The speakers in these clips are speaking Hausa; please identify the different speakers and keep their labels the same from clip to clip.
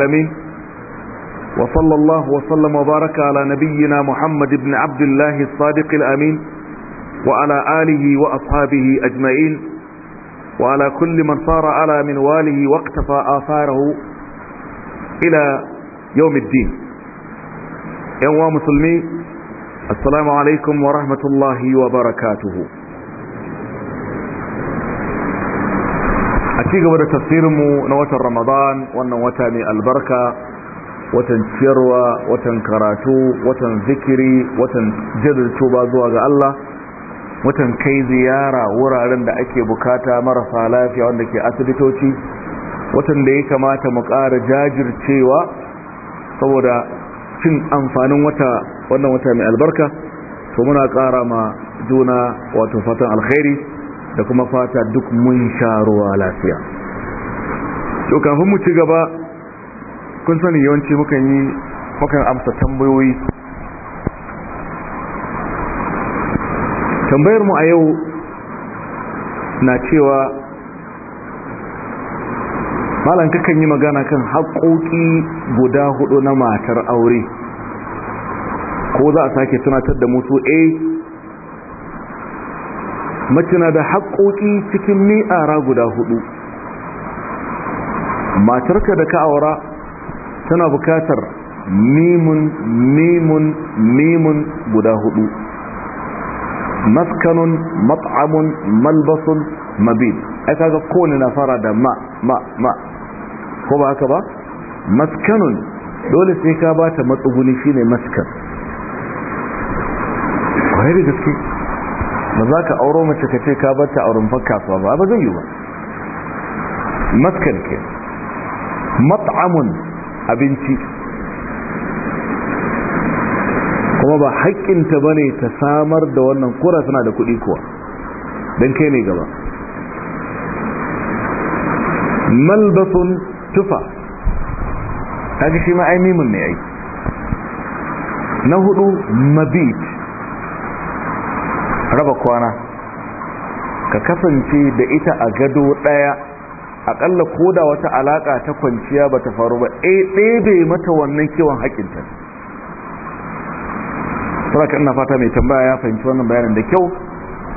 Speaker 1: العالمين وصلى الله وسلم وبارك على نبينا محمد بن عبد الله الصادق الأمين وعلى آله وأصحابه أجمعين وعلى كل من صار على منواله واقتفى آثاره إلى يوم الدين يوم مسلمين السلام عليكم ورحمة الله وبركاته ci gaba da tafsirinmu na watan ramadan wannan wata ne albarka watan ciyarwa watan karatu watan zikiri watan jadalcoba zuwa ga Allah watan kai ziyara wuraren da ake bukata marasa lafiya wanda ke asibitoci watan da ya kamata mu ƙara jajircewa saboda cin amfanin wata wannan wata mai albarka to muna ƙara ma juna wato fatan alkhairi da kuma fata duk mun sha ruwa lafiya to kafin mu ci gaba kun sani yawanci mukan yi mukan amsa tambayoyi tambayar mu a yau na cewa malam kakan yi magana kan haƙoƙi guda hudu na matar aure ko za a sake tunatar da mutu eh mace na da haƙoƙi cikin mi'ara guda hudu matarka da ka aura tana bukatar mimun mimun mimun guda hudu maskanun mat'amun malbasun mabin. ai kaga kowane na fara da ma ma ma ko ba haka ba maskanun dole sai ka bata matsuguni shine maskan da gaske ba za ka auro mace ka ce ka bata auren a rumfar ba ba zai yi ba maskan mat'amun abinci kuma ba haƙƙinta ba ne ta samar da wannan kura suna da kuɗi kuwa don kai ne gaba malbasun tufa kaga shi ma'aimimin ai ne ai na hudu mabit raba kwana ka kasance da ita a gado ɗaya aƙalla da wata alaƙa ta kwanciya ba ta faru ba eh, ɗebe mata wannan kiwon haƙinta saraka ina fata mai tambaya ya fahimci wannan bayanin da kyau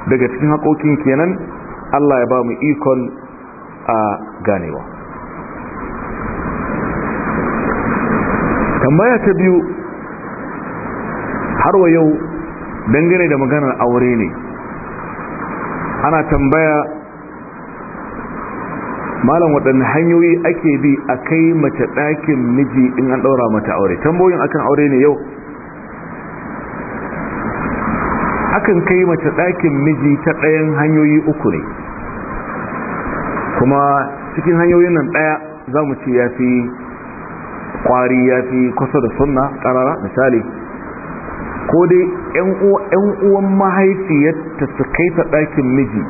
Speaker 1: daga cikin haƙoƙin kenan allah ya ba mu ikon a ganewa tambaya ta biyu har wa yau dangane da maganar aure ne ana tambaya malam waɗanne hanyoyi ake bi a kai mace ɗakin miji in an ɗaura mata aure tambayoyin akan aure ne yau akan kai mace ɗakin miji ta ɗayan hanyoyi uku ne kuma cikin hanyoyin nan ɗaya za mu ce ya fi ƙwari ya fi kusa da sunna ƙarara misali ko dai ‘yan uwan mahaifiyarta su kai ta ɗakin miji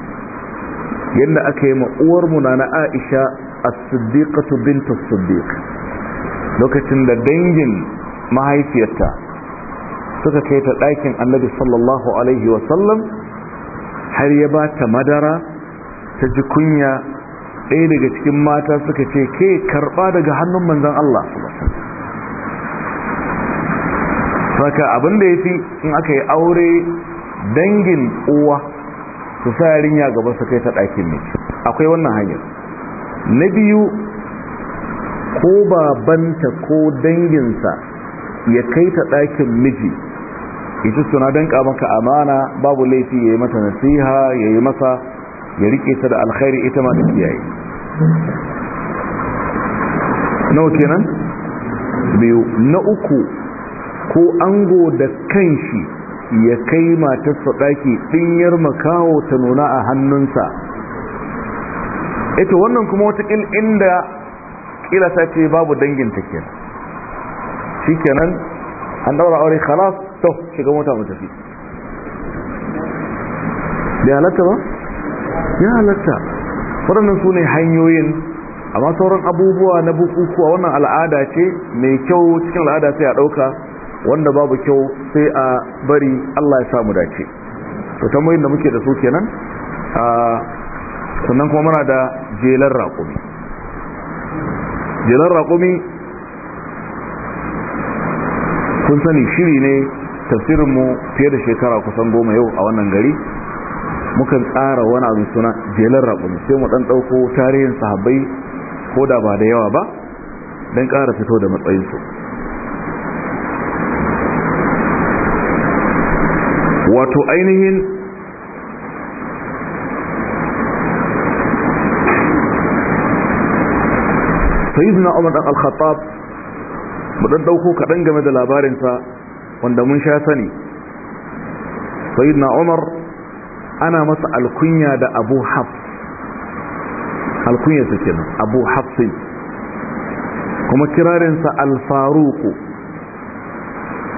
Speaker 1: yadda aka yi ma'uwar muna na aisha a siddiqatu binta siddiq lokacin da dangin mahaifiyarta suka kai ta ɗakin annabi sallallahu alaihi wasallam har ya ba ta madara ta ji kunya ɗaya daga cikin mata suka ce ke karɓa daga hannun manzan Allah saka abin da ya fi in aka yi aure dangin uwa su sa yarinya gaba su kai ta ɗakin ne akwai wannan hanyar na biyu ko babanta ko danginsa ya kai ta ɗakin miji ita suna danka maka amana babu laifi ya yi mata nasiha ya yi masa ya riƙe ta da alkhairi ita ma da kiyaye nawa kenan biyu na uku ko ango da kanshi ya kai matarsa ɗaki ɗinyar makawo ta nuna a hannunsa ita wannan kuma wata watakil inda kila ta ce babu dangin ta ke. shi kenan an daura aure khalas to shiga mota mu tafi ya halatta ba ya halatta waɗannan su hanyoyin amma sauran abubuwa na bukukuwa wannan al'ada ce mai kyau cikin al'ada sai a ɗauka wanda babu kyau sai a bari Allah ya samu dace to tambayoyin da muke da su kenan a sannan kuma muna da jelar raƙumi jelar raƙumi kun sani shiri ne tafsirinmu fiye da shekara kusan goma yau a wannan gari mukan tsara wani abin suna jelar raƙumi sai mu ɗan ɗauko tarihin sahabbai ko da ba da yawa ba don ƙara fito da matsayinsu wato ainihin sayyidina umar dan al-khattab mu dan dauko kadan game da labarinsa wanda mun sha sani sayyidina umar ana masa alkunya da abu hafs alkunya su kenan abu hafsin kuma kirarinsa al alfaruku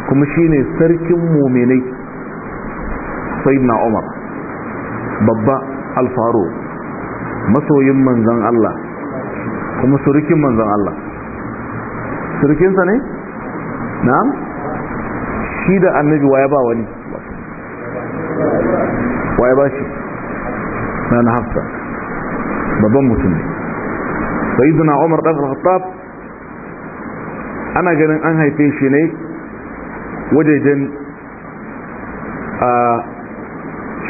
Speaker 1: kuma shine sarkin muminai sayyidina umar babba alfaro masoyin manzan Allah kuma surukin manzan Allah surukinsa ne? na'am shi da annabi waya ba wani waya ba shi na na hafsa babban mutum ne sayyidina umar ɗan khattab ana ganin an haife shi ne wajejen a ah,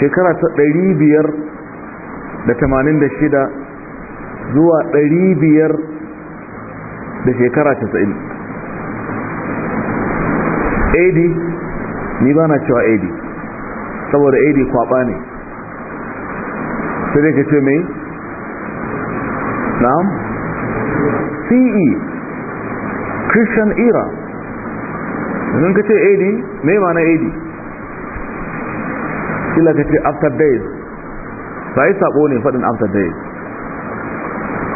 Speaker 1: shekara ta ɗari biyar da tamanin da shida zuwa ɗari biyar da shekara casa'in ad ni ba na cewa ad saboda ad kwaba ne sai dai ka ce mai na'am ce christian era zan ka ce ad mai mana ad illa ka ce after days ba yi sabo ne faɗin after days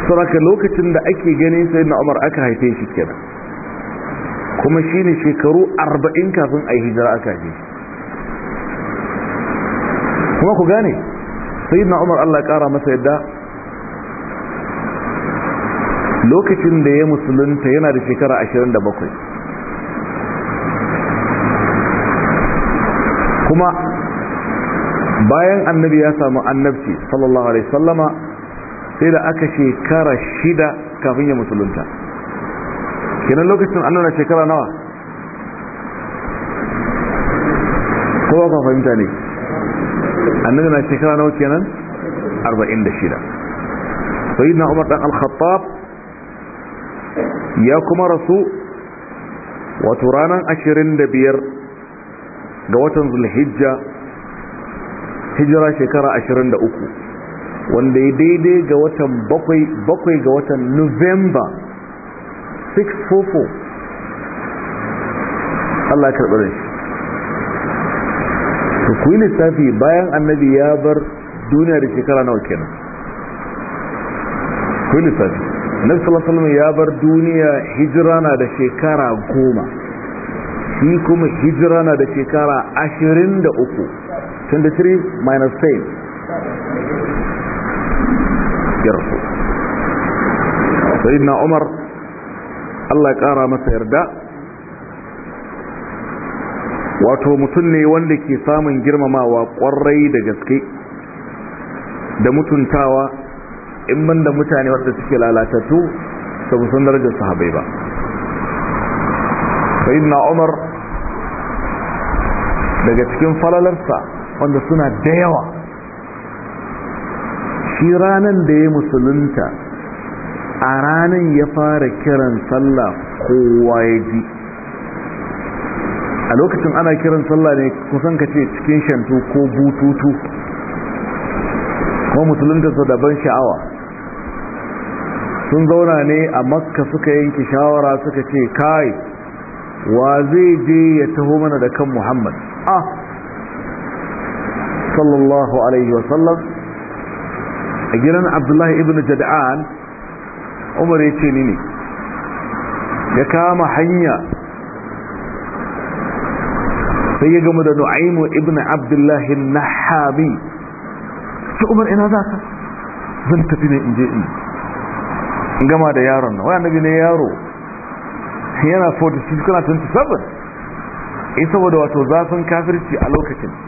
Speaker 1: sauraka lokacin da ake ganin sai na umar aka haife shi kenan kuma shi ne shekaru arba'in kafin a yi hijira aka haife shi kuma ku gane sai na umar allah ƙara masa yadda lokacin da ya musulunta yana da shekara ashirin da bakwai kuma bayan annabi ya samu annabci sallallahu alaihi sallama sai da aka shekara shida kafin ya musulunta kenan lokacin annuna shekara nawa kowa ka fahimta ne annabi na shekara nawa kenan arba'in da shida. sai na umar dan al-khattab ya kuma rasu wato ranar ashirin da biyar ga watan zulhijja hijira shekara 23 wanda ya daidai ga watan bakwai ga watan november 644 Allah ya karɓi shi ku yi lissafi bayan annabi ya bar duniya da shekara nawa kenan ku yi lissafi annabi sallallahu alaihi ya bar duniya hijira na da shekara goma shi kuma hijira na da shekara ashirin da uku 23 minus 10 Sayidna umar allah ya kara masa yarda wato mutum ne wanda ke samun girmamawa kwarai da gaske da mutuntawa in ban da mutane wadda suke lalatattu da sun darajar sahabai ba Sayidna umar daga cikin falalarsa wanda suna da yawa shi ranar da ya musulunta a ranar ya fara kiran sallah kowa ya ji a lokacin ana kiran sallah ne kusan ka ce cikin shantu ko bututu kuma musulunta su daban sha'awa sun zauna ne a makka suka yanki shawara suka ce kai wa zai je ya taho mana da kan muhammad ah sallallahu alaihi wasallam a gidan abdullahi ibn jada'an umar ya ce ni ne ya kama hanya sai ya gama da nu'aimu ibn abdullahi nahami ce umar ina za ka zan tafi ne in je in gama da yaron na wani annabi ne yaro yana 46 kana 27 isa wadda wato zafin kafirci a lokacin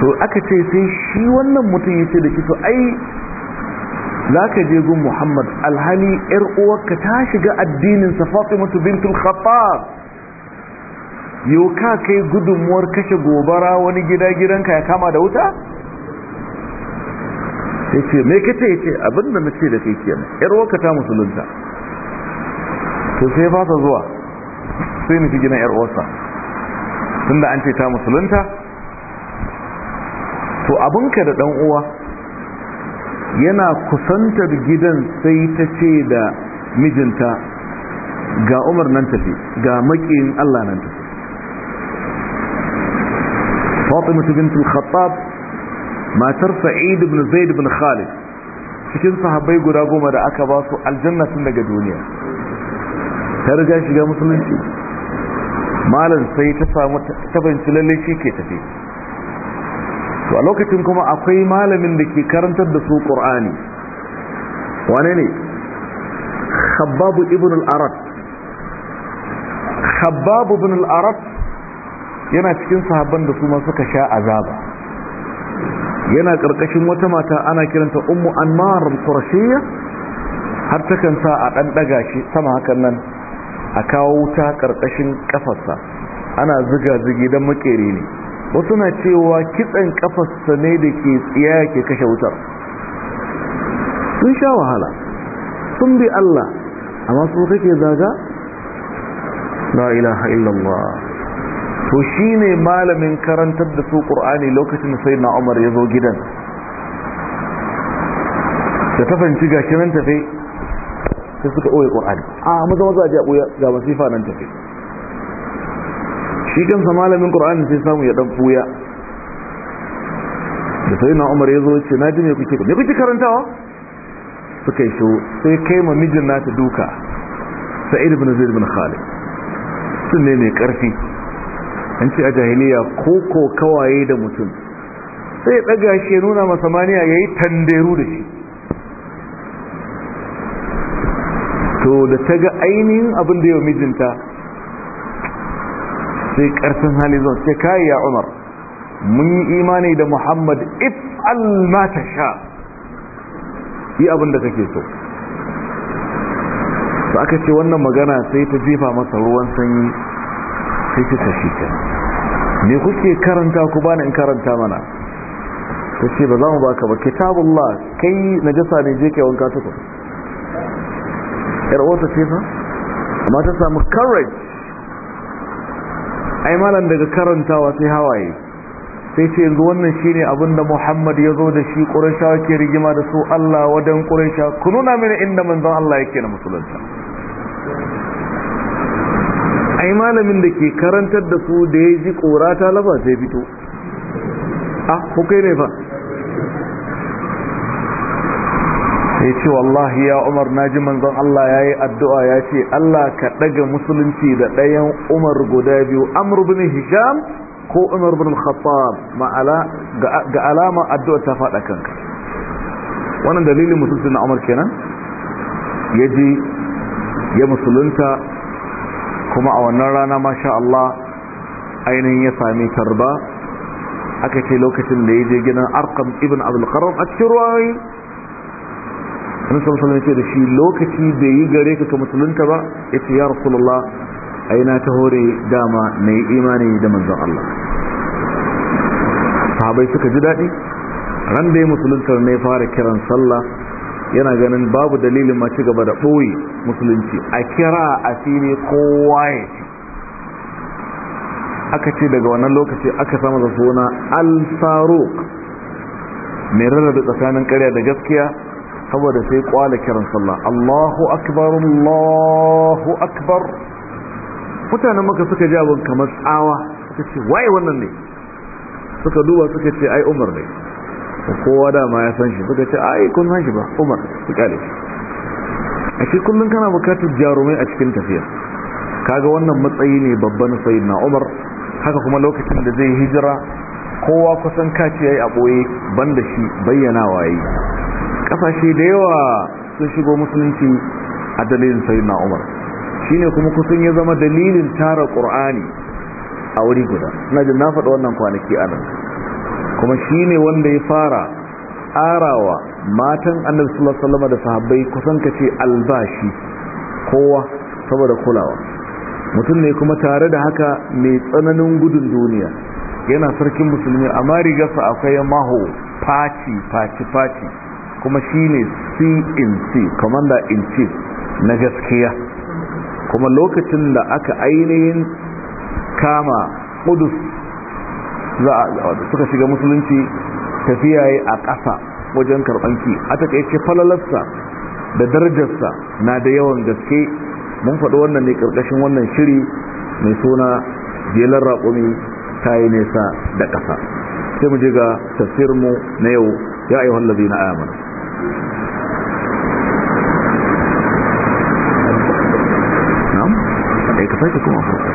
Speaker 1: to aka ce sai shi wannan mutum ya ce da shi to ai za ka je gun muhammad alhali yar uwarka ta shiga addinin safafi fatimatu bintul khattab yau ka kai gudunmuwar kashe gobara wani gida gidanka ya kama da wuta ya ce mai kace ya ce abinda na ce da kai kenan yar uwarka ta musulunta to sai ba ta zuwa sai nufi gina yar uwarsa tunda an ce ta musulunta to abinka da dan uwa yana kusantar gidan sai ta ce da mijinta ga umar nan tafi ga makiyin Allah nan tafi fatima bint al-Khattab matar Sa'id ibn Zaid ibn Khalid cikin sahabbai guda goma da aka ba su aljanna tun daga duniya ta riga shiga musulunci malam sai ta samu tabanci lalle shi ke tafi to a lokacin kuma akwai malamin da ke karantar da su ƙur'ani wane ne khabbab ibn al-arab khabbab ibn al-arab yana cikin sahabban da su ma suka sha azaba yana karkashin wata mata ana kiranta ummu anmar al-qurashiyya har ta sa a dan daga shi sama hakan nan a kawo wuta karkashin kafarsa ana ziga zigi dan makere ne wasu na cewa kitsan kafasta ne da ke tsiya ke kashe wutar sun sha wahala sun bi Allah amma su kake zaga na ilaha illallah to shi ne malamin karantar da su ƙur'ani lokacin sai na Umar ya zo gidan da ta fanci gashi nan tafe sai suka ɓoye ƙur'ani a maza maza a ji ga masifa nan tafe shi kansa malamin qur'ani sai samu ya dan fuya da sai na umar yazo ce na ji me kuke me kuke karantawa suka yi shiru sai kai ma mijin nata duka sa'id ibn zaid ibn khalid sun ne mai karfi an ce a jahiliya ko ko kawaye da mutum sai ya daga shi ya nuna ma samaniya yayi tanderu da shi to da ta ga ainihin abin da yau mijinta sai karfin hali zo ce kai ya umar mun yi imani da muhammad if ma sha yi abin da kake so da aka ce wannan magana sai ta jefa masa ruwan sanyi sai ta tashi ta ne kuke karanta ku bani in karanta mana ta ce ba za mu baka ba kitabullah kai na najasa ne je kewan wanka tukun yar ce ba amma ta samu courage ai malam daga karantawa sai hawaye sai ce yanzu wannan shine abin da Muhammad ya zo da shi Qurayshawa ke rigima da su Allah wadan Quraysha ku nuna inda manzon Allah yake na musulunta ai malamin da ke karantar da su da ya ji ƙora ta laba sai fito ah ko kai ne fa ya ce wallahi ya umar na ji manzon Allah ya yi addu'a ya ce Allah ka ɗaga musulunci da ɗayan umar guda biyu amur bin hisham ko umar bin khattab ga alama addu'a ta faɗa kanka wannan dalilin musulunci na umar kenan ya ji ya musulunta kuma a wannan rana masha Allah ainihin ya sami tarba aka ce lokacin da ya je gidan arkam ibn abdulkaram a cikin ruwayoyi sun sallallahu alaihi da shi lokaci bai yi gare ka ka musulunta ba ya ce ya rasulullah ai na ta hore dama na yi imani da manzon Allah sahabai suka ji daɗi ran da ya musulunta ne fara kiran sallah yana ganin babu dalilin ma ci gaba da ɓoye musulunci a kira a fili kowa ya ci aka ce daga wannan lokaci aka samar da suna al-faruq mai rarrabe tsakanin karya da gaskiya saboda sai kwala kiran sallah Allahu akbar Allahu akbar mutanen maka suka ji abin kamar tsawa suka ce waye wannan ne suka duba suka ce ai Umar ne kowa da ma ya san shi suka ce ai kun san shi ba Umar su kale a shi kullun kana bukatar jarumai a cikin tafiya kaga wannan matsayi ne babban na, Umar haka kuma lokacin da zai hijira kowa kusan kaci yi a boye banda shi bayyana waye kasashe da yawa sun shigo musulunci a dalilin sayyidina umar shine kuma kusan ya zama dalilin tara qur'ani a wuri guda ina jin na faɗa wannan kwanaki a nan kuma shine wanda ya fara arawa matan annabi sallallahu alaihi da sahabbai kusan kace albashi kowa saboda kulawa mutum ne kuma tare da haka mai tsananin gudun duniya yana sarkin musulmi amma rigarsa akwai maho faci faci faci kuma shi shine cnc commander in chief na gaskiya kuma lokacin da aka ainihin kama kudus suka shiga musulunci tafiya yi a ƙasa wajen karɓanki a takaice falalarsa da darajarsa na da yawan gaske mun faɗi wannan ne ƙarƙashin wannan shiri mai suna jelar raƙumi ta yi nesa da ƙasa sai mu je ga tafsirmu na yau ya wallazi na
Speaker 2: amana نعم ايه كفاية تكون أفرق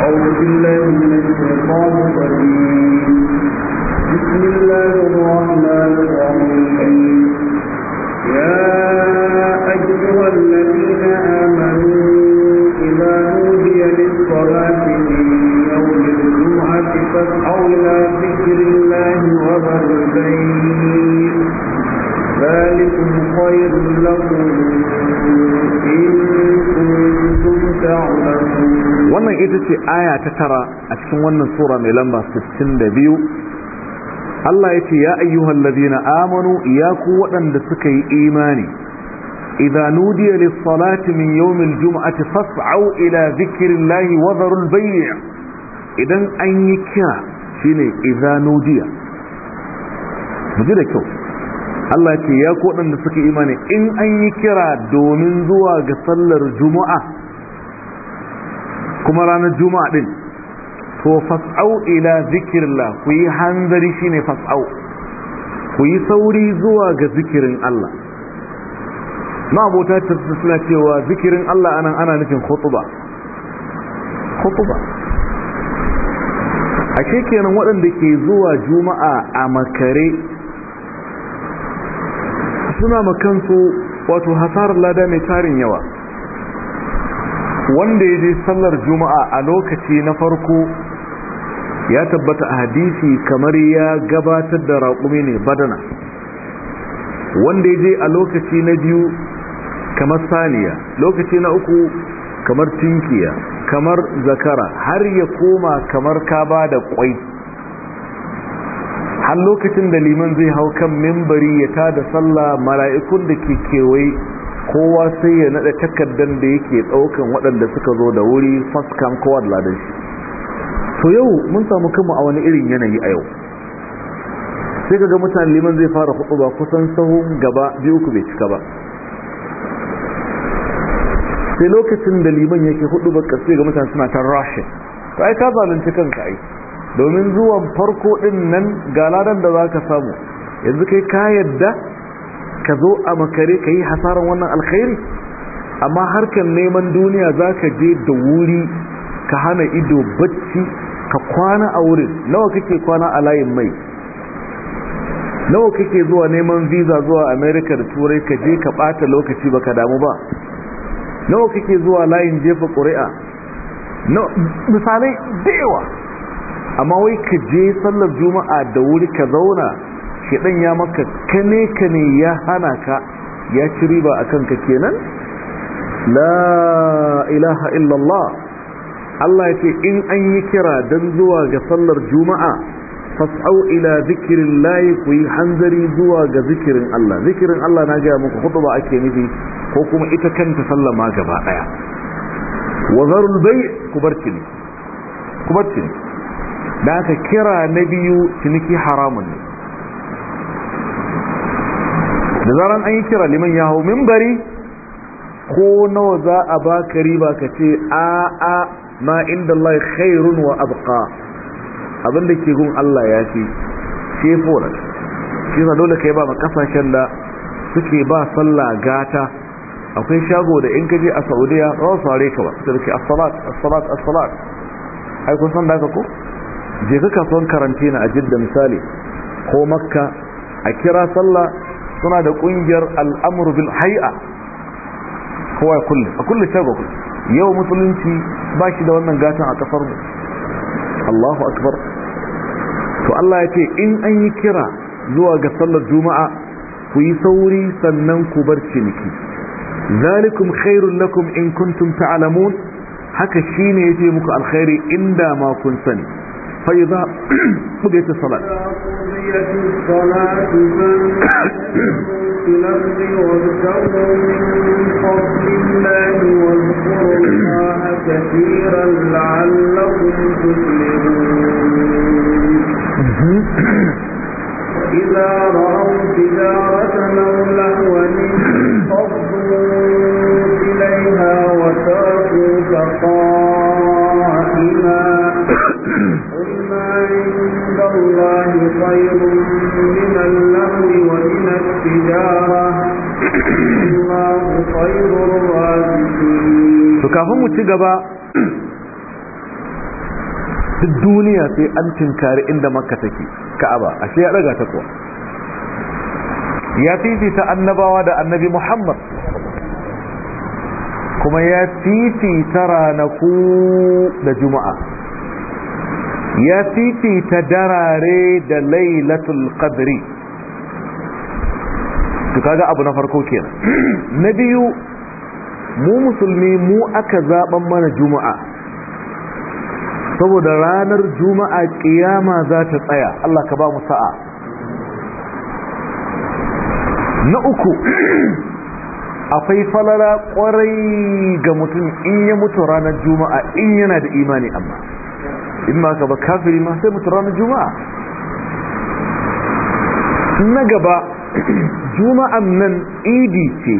Speaker 2: أعوذ بالله من الشيطان الرجيم بسم الله الرحمن الرحيم يا ce aya ta
Speaker 1: tara a cikin wannan sura mai lamba 62 Allah ya ce ya ayyuhal ladina amanu ya ku waɗanda suka yi imani idza nudiya lis salati min yawmil jum'ati fas'au ila dhikrillahi wa dharul bay' idan an yi kira shine idza nudiya muje da kyau Allah ya ce ya ku waɗanda suka yi imani in an yi kira domin zuwa ga sallar juma'a kuma ranar juma'a din to fas'au ila zikirla ku yi hanzari shine fas'au ku yi sauri zuwa ga zikirin Allah Na abota ta suna cewa zikirin Allah anan ana nufin khutba khutba a kenan waɗanda ke zuwa juma'a a makare suna makansu wato hasarar lada mai tarin yawa wanda ya je sallar juma'a a lokaci na farko ya tabbata a hadisi kamar ya gabatar da raƙumi ne badana wanda ya je a lokaci na biyu kamar saniya lokaci na uku kamar tinkiya kamar zakara har ya koma kamar kaba da kwai har lokacin da liman zai hau kan mimbari ya tada sallah mala'ikun da ke kewaye kowa sai ya nada takardan da yake daukan waɗanda suka zo da wuri first kowa da ladan shi to yau mun samu kanmu a wani irin yanayi a yau sai kaga mutane liman zai fara ba kusan sahun gaba biyu ku bai cika ba sai lokacin da liman yake hudu ba sai ga mutane suna ta rashin to ai ka zalunci kanka ai domin zuwan farko din nan ga ladan da za ka samu yanzu kai ka yadda ka zo a makare ka yi hasaran wannan alkhairi amma harkar neman duniya za ka je da wuri ka hana ido bacci ka kwana a wurin nawa kake kwana a layin mai nawa kake zuwa neman visa zuwa Amerika da turai ka je ka bata lokaci ba ka damu ba nawa kake zuwa layin jefa ƙuri'a misalai da yawa amma wai ka je sallar juma'a da wuri ka zauna kiɗan ya maka kane kane ya hana ka ya ci riba a kanka kenan la ilaha illallah Allah ya ce in an yi kira don zuwa ga sallar juma'a fas'au ila zikirin layi ku yi hanzari zuwa ga zikirin Allah zikirin Allah na gaya muku hudu ba ake nufi ko kuma ita kanta sallar ma gaba ɗaya wa bai ku bar ciniki da aka kira na biyu ciniki haramun ne da zaran an yi kira liman ya hau mimbari ko nawa za a baka riba ka ce a a ma inda Allah khairun wa abqa abin da ke gun Allah ya fi ke fora shi na dole kai ba ma kasashen da suke ba sallah gata akwai shago da in kaje a Saudiya za su sare ka ba sai ke as-salat as-salat as-salat ai kun san da haka ko je ka kasuwan karantina a Jidda misali ko Makka a kira sallah suna da kungiyar al'amuru bil hay'a kowa ya kulle a kulle shago yau musulunci ba shi da wannan gatan a kasar mu Allahu akbar to Allah ya ce in an yi kira zuwa ga sallar juma'a ku yi sauri sannan ku bar ciniki zalikum khairul lakum in kuntum ta'lamun haka shine yace muku alkhairi inda ma kun sani fa idza qudiyat salat
Speaker 2: وقضيت الصلاة في الأرض وابتغوا من فضل الله واذكروا الله كثيرا لعلكم تفلحون إذا رأوا تجارة أو لهوا انفضوا إليها وتركوك قائما عند الله خير من اللهو ومن التجارة الله خير الرازقين
Speaker 1: duk duniya sai an tinkari inda makka take ka'aba ashe ya daga ta kuwa ya fifita annabawa da annabi muhammad kuma ya ta ranaku da juma'a ya fifita darare da lailatul qadri to kaga abu na farko kenan na biyu mu musulmi mu aka zaben mana juma'a saboda ranar juma'a kiyama za ta tsaya Allah ka ba mu sa'a na uku akwai falala kwarai ga mutum in ya mutu ranar juma'a in yana da imani amma Imma ma ka ba kafiri ma sai mutu ranar juma'a na gaba juma'an nan idi ce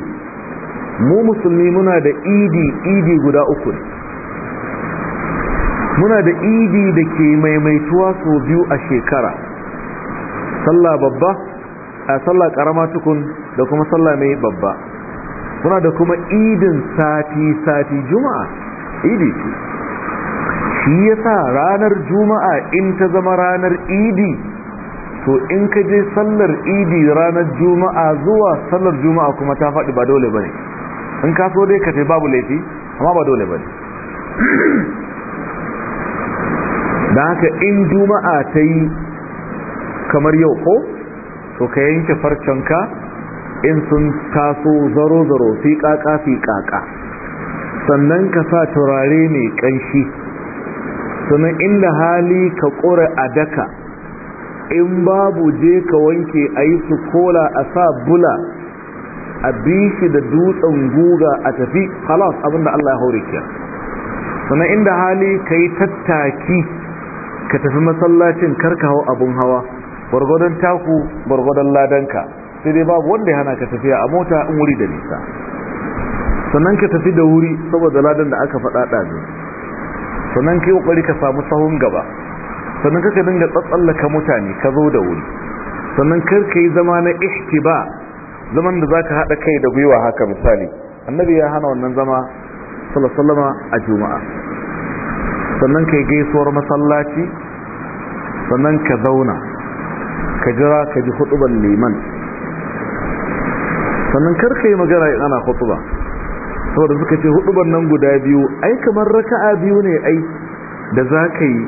Speaker 1: mu musulmi muna da idi idi guda uku muna da idi da ke maimaituwa sau biyu a shekara sallah babba a sallah karama tukun da kuma sallah mai babba muna da kuma idin sati-sati juma'a idi ce shi yasa ranar juma'a in ta zama ranar idi to in ka je sallar idi ranar juma'a zuwa sallar juma'a kuma ta faɗi ba dole bane in ka so dai ka ce babu laifi amma ba dole bane da haka in juma'a ta yi kamar yau ko to ka yanke farcenka in sun taso zaro-zaro fi kaka fi kaka sannan ka sa turare mai ƙanshi sannan inda hali ka ƙura a daka in babu je ka wanke a yi su kola a sa bula a bi da dutsen guga a tafi halas abinda Allah ya haure kiyar sannan inda hali ka yi tattaki ka tafi masallacin karka hau abin hawa bargwadon taku bargwadon ladanka sai dai babu wanda ya hana ka tafiya a mota in wuri da nisa sannan ka tafi da wuri saboda ladan da aka faɗaɗa ne sannan kai kokari ka samu sahun gaba sannan ka dinga tsatsallaka mutane ka zo da wuri sannan kar ka yi zama na ihtiba zaman da zaka hada kai da gwiwa haka misali annabi ya hana wannan zama sallallahu a juma'a sannan kai gaisuwar masallaci sannan ka zauna ka jira ka ji hutuban liman sannan kar ka yi magana in ana hutuba saboda suka ce hudubar nan guda biyu ai kamar raka'a biyu ne ai da za ka yi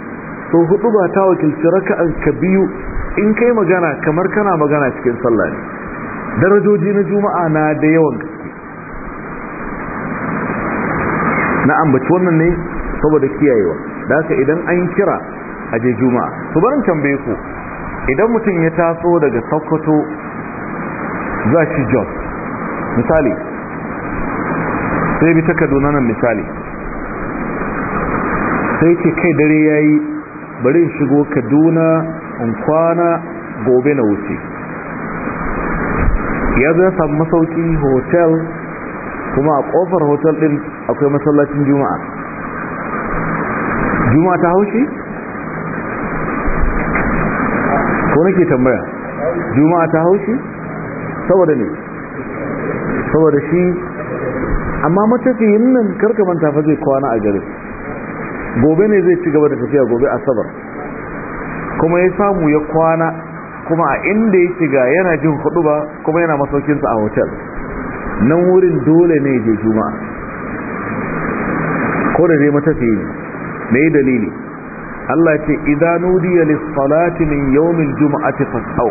Speaker 1: so huduba ta wakilci raka'an ka biyu in kai magana kamar kana magana cikin sallah ne darajoji na juma'a na da yawan gaske na ambaci wannan ne saboda kiyayewa da haka idan an kira a je juma'a Su barin tambaye ku idan mutum ya taso daga sokoto za shi jos misali sai bi ta kaduna nan misali sai ce kai dare ya yi bari in shigo kaduna in kwana gobe na wuce ya zai samu masauki hotel kuma a kofar hotel din akwai masallacin juma'a juma'a ta haushi? ko nake tambaya juma'a ta haushi? saboda ne saboda shi amma yin nan karka manta fa zai kwana a garin gobe ne zai ci gaba da tafiya gobe asabar kuma ya samu ya kwana kuma a inda ya shiga yana jin hudu ba kuma yana masaukinsa a hotel nan wurin dole ne je juma'a ko da zai dai na ne dalili Allah ce idanu diya lissalati min yawmin ta fasau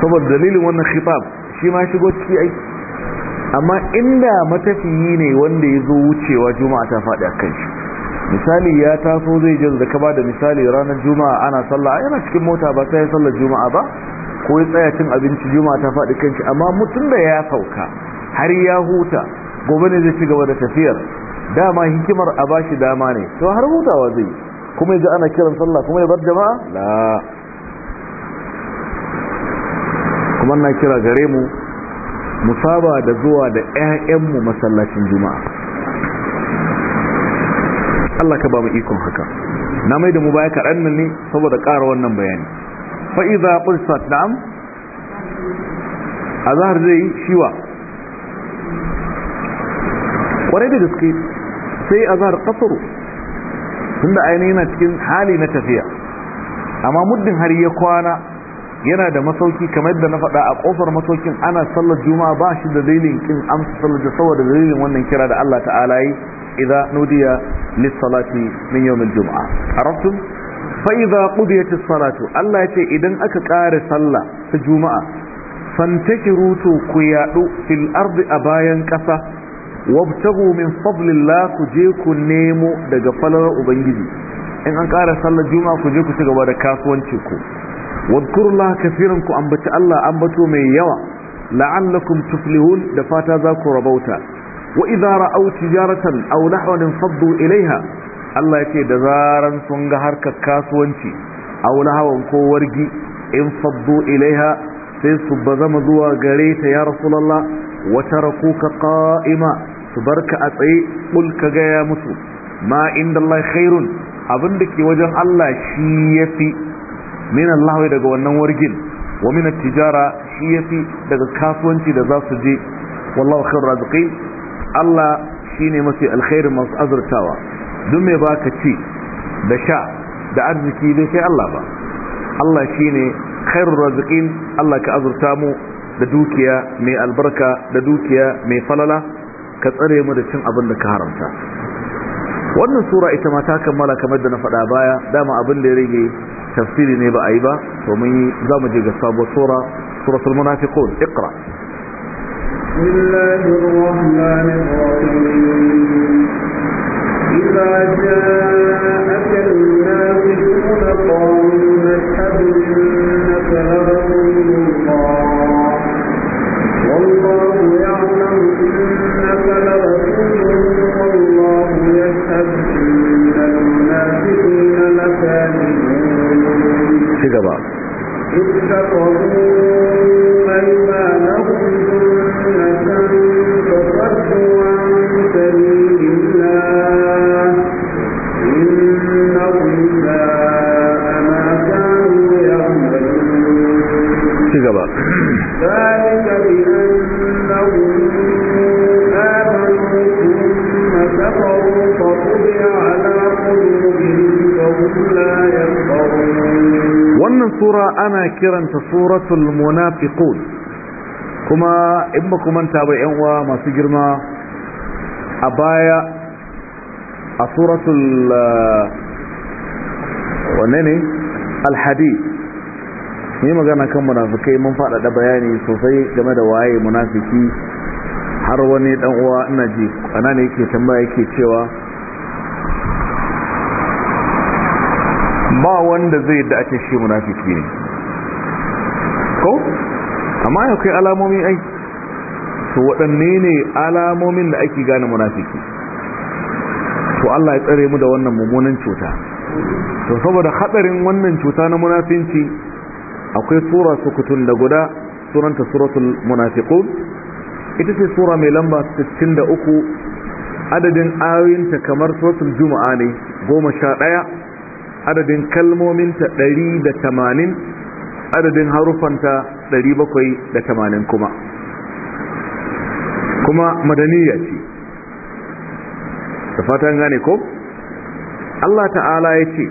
Speaker 1: saboda dalilin wannan khitab shi ma shigo ciki aiki amma inda matafiyi ne wanda ya zo wucewa juma'a ta faɗi a kai misali ya taso zai jin da ba da misali ranar juma'a ana sallah yana cikin mota ba sai ya sallar juma'a ba ko ya tsaya cin abinci juma'a ta faɗi kan amma mutum da ya sauka har ya huta gobe ne zai ci gaba da tafiyar dama hikimar a bashi dama ne to har hutawa zai kuma ya ana kiran sallah kuma ya bar jama'a la kuma na kira gare mu mu saba da zuwa da 'ya'yanmu masallacin juma'a Allah ka ba mu ikon haka na mai da mu baya kaɗan nan ne saboda ƙara wannan bayani fa'iza ƙulsat na'am a zahar zai yi shiwa ƙwarai da gaske sai a zahar ƙasaru, tun da ainihin yana cikin hali na tafiya amma muddin har ya kwana yana da masauki kamar yadda na faɗa a ƙofar masaukin ana sallar juma'a ba shi da dalilin kin amsa sallar da saboda dalilin wannan kira da Allah ta'ala yi idza nudiya lis salati min yawm al jum'a arabtum fa idza qudiyat as salatu Allah yace idan aka ƙare sallah ta juma'a fantakiru to ku yadu fil ardi a bayan ƙasa wabtagu min fadlillah ku je ku nemo daga falar ubangiji in an ƙara sallar juma'a ku je ku ci gaba da kasuwancin ku wadkurullaha kafiran ku ambaci Allah ambato mai yawa la'allakum tuflihun da fata za ku rabauta wa idza ra'aw tijaratan aw lahwan faddu ilaiha Allah yake da zaran sun ga harkar kasuwanci aw lahwan ko wargi in faddu ilaiha sai su bazama zuwa gare ta ya rasulullah wa tarakuka qa'ima su barka a tsaye bulka gaya ya musu ma inda Allah khairun abin da ke wajen Allah shi yafi min Allah daga wannan wargin wa min tijara shi yafi daga kasuwanci da za su je wallahu khair raziqi Allah shine mafi alkhairin masu azurtawa duk mai baka ci da sha da arziki bai sai Allah ba Allah shine khairur raziqin Allah ka azurta mu da dukiya mai albarka da dukiya mai falala ka tsare mu da cin abin da ka haramta wannan sura ita ma ta kammala kamar da na faɗa baya dama abin da ya rage تفسير نيبا ايبا ومن زام قصاب صابو سورة المنافقون اقرأ
Speaker 2: بسم الله الرحمن الرحيم إذا جاءك المنافقون قالوا نشهد إنك لرسول الله والله gaba ci gaba
Speaker 1: sura ana kiranta suratul munafiqun kuma in ba ku manta ba yan uwa masu girma a baya a suratul eh, wanne ne alhadid ne magana kan munafikai mun faɗaɗa bayani sosai game da waye munafiki har wani ɗan uwa ina ji ana ne yake tambaya yake cewa ba wanda zai da ake shi munafiki ne ko amma ya kai alamomi ai to waɗanne ne alamomin da ake gane munafiki to Allah ya tsare mu da wannan mummunan cuta to saboda hadarin wannan cuta na munafinci akwai sura sukutun da guda suranta suratul munafiqun ita ce sura mai lamba 63 adadin ayoyinta kamar suratul juma'a ne 11 adadin kalmominta 180 adadin harufanta 780 kuma kuma madaniya ce da fatan gane ko Allah ta'ala ya ce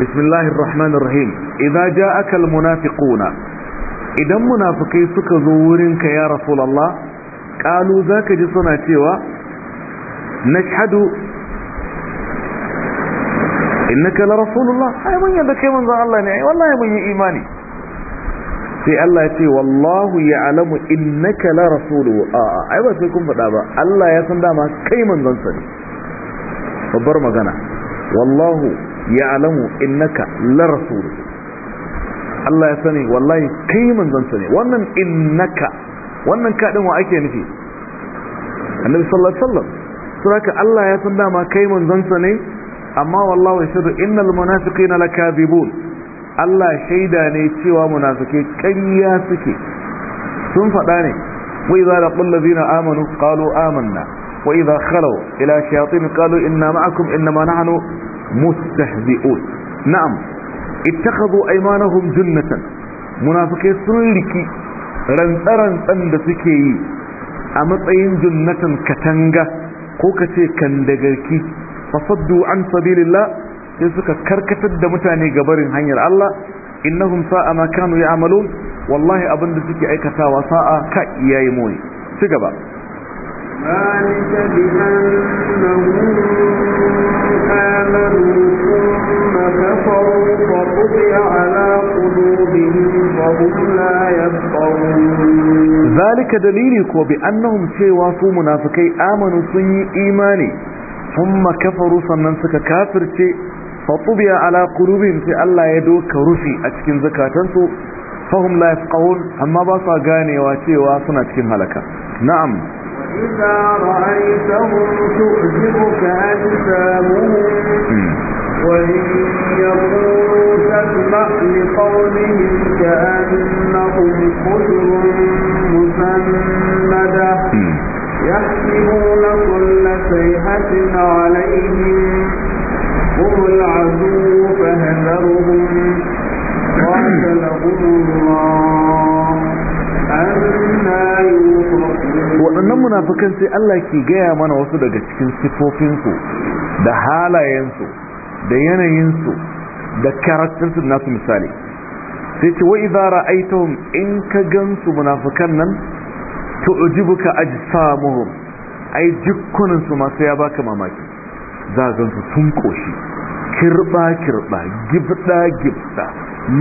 Speaker 1: bismillahir rahmanir rahim ja'aka al idan munafikai suka zo wurinka ya rasulullah qalu zaka ji suna cewa nashhadu innaka la rasulullah ai mun yadda kai manzon Allah ne ai wallahi mun yi imani sai Allah ya ce wallahu ya'lamu innaka la rasuluhu a a ai ba sai kun faɗa ba Allah ya san dama kai manzon sa ne babbar magana wallahu ya'lamu innaka la rasuluhu Allah ya sani wallahi kai manzon sa ne wannan innaka wannan kadin wa ake nufi annabi sallallahu alaihi wasallam saboda Allah ya san dama kai manzon sa ne amma wallahu yashhadu innal munafiqina lakadibun Allah shaida ne cewa munafike ƙarya suke sun faɗa ne wa idza laqul ladina amanu qalu amanna wa idza khalaw ila shayatin qalu inna ma'akum innama nahnu mustahzi'un na'am ittakhadhu aymanahum junnatan munafike sun riki rantsarantsan da suke yi a matsayin junnatan katanga ko kace kandagarki fasaddu an sabilillah sai suka karkatar da mutane ga barin hanyar Allah innahum sa'a ma kanu ya'malun wallahi abinda suke aikatawa sa'a ka iyaye mu ci gaba ذلك بأنهم
Speaker 2: آمنوا ثم كفروا فقطع على قلوبهم فهم لا يبقون
Speaker 1: ذلك دليلك وبأنهم سيوافوا منافقي آمنوا صني imani. thumma kafaru sannan suka kafirce fatubiya ala qulubihim sai Allah ya doka rufi a cikin zakatansu fahum la yafqahun amma ba sa ganewa cewa suna cikin halaka na'am إذا
Speaker 2: رأيتهم تعجبك أجسامهم وإن يقولوا تسمع لقولهم كأنهم خجر مسندة يحسبون كل صيحة عليهم هم العدو فهذرهم قاتلهم الله أنا يوفقون وأنهم منافقين
Speaker 1: سي الله كي جاء من da halayensu da yanayinsu da karaktarsu nasu misali sai ce wa idara aitahum in ka gansu munafikan nan tu'jibuka ajsamuhum ai jikkunan su masu ya baka mamaki za su sun koshi kirba kirba gibda gibda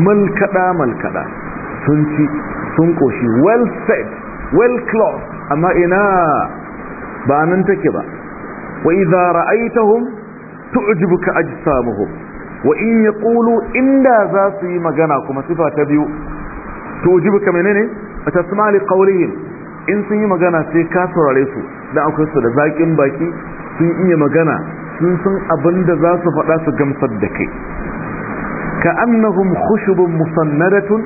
Speaker 1: malkada malkada sun ci sun koshi well fed well clothed amma ina ba nan take ba wa idza ra'aytahum tu'jibuka ajsamuhum wa in yaqulu inda za su yi magana kuma sifa ta biyu tu'jibuka menene tasma li qawlihim in sun yi magana sai ka saurare su dan akwai su da zakin baki sun iya magana sun san abin da za su faɗa su gamsar da kai ka annahum khushubun musannadatun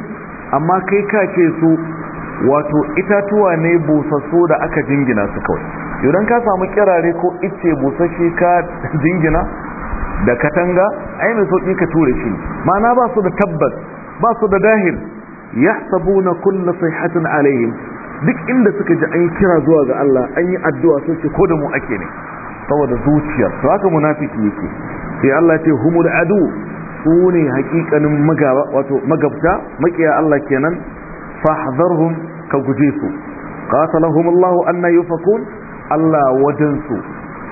Speaker 1: amma kai ka ce su wato itatuwa ne busasso da aka jingina su kawai idan ka samu kirare ko ice busasshe ka jingina da katanga ai mai sauki ka ture shi ma'ana ba su da tabbas ba su da dahil yahsabuna kullu sayhatin alaihim duk inda suka ji an kira zuwa ga Allah an yi addu'a sun ce ko da mu ake ne saboda zuciyar to haka munafiki yake sai Allah ce humul adu su ne hakikanin magaba wato magabta makiya Allah kenan fahzarhum ka guje su qatalahum Allah anna yufakun Allah wajen su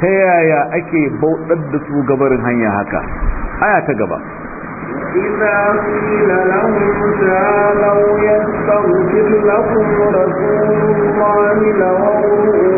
Speaker 1: ta yaya ake bautar da su gabarin hanya haka aya ta gaba
Speaker 2: إذا قيل لهم تعالوا يستغفر لكم رسول الله لوضعوا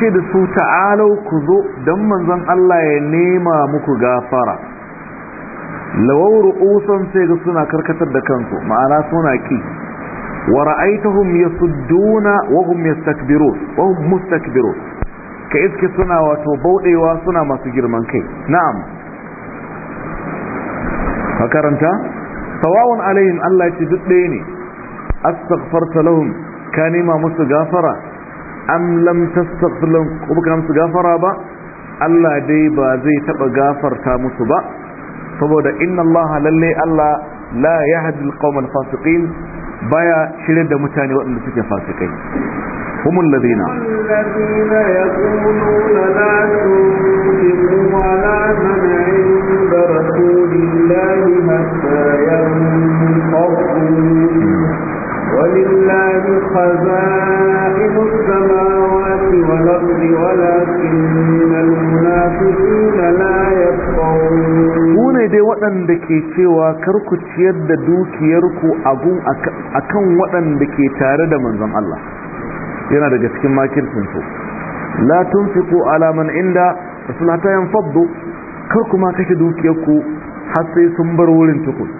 Speaker 2: ce da su ta'alau
Speaker 1: ku zo don manzon Allah ya nema muku gafara lawau ru'usan sai ga suna karkatar da kansu ma'ana suna ki wa ra'aitahum yasudduna wa hum yastakbirun wa hum mustakbirun ka iske suna wato baudewa suna masu girman kai na'am makaranta sawawun alaihim Allah ya ce duk ɗaya ne astaghfarta lahum ka nema musu gafara an lam tastaghfir lahum ko musu gafara ba Allah dai ba zai taba gafarta musu ba saboda inna Allah lalle Allah la yahdi alqawm alfasiqin baya shirye da mutane waɗanda suke fasikai هم الذين
Speaker 2: الذين يقولون لا تنفقوا على من عند رسول الله حتى ينفقوا ولله خزائن السماوات والأرض ولكن المنافقين
Speaker 1: لا يفقهون ne dai waɗanda ke cewa karku ciyar da dukiyarku abun akan waɗanda ke tare da manzon Allah yana daga cikin makircin su la tunfiqu ala man inda rasulata yanfaddu kar kuma kashe dukiyarku har sai sun bar wurin tukun